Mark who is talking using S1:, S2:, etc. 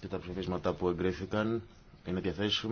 S1: και τα ψηφίσματα που εγκρίθηκαν είναι διαθέσιμα.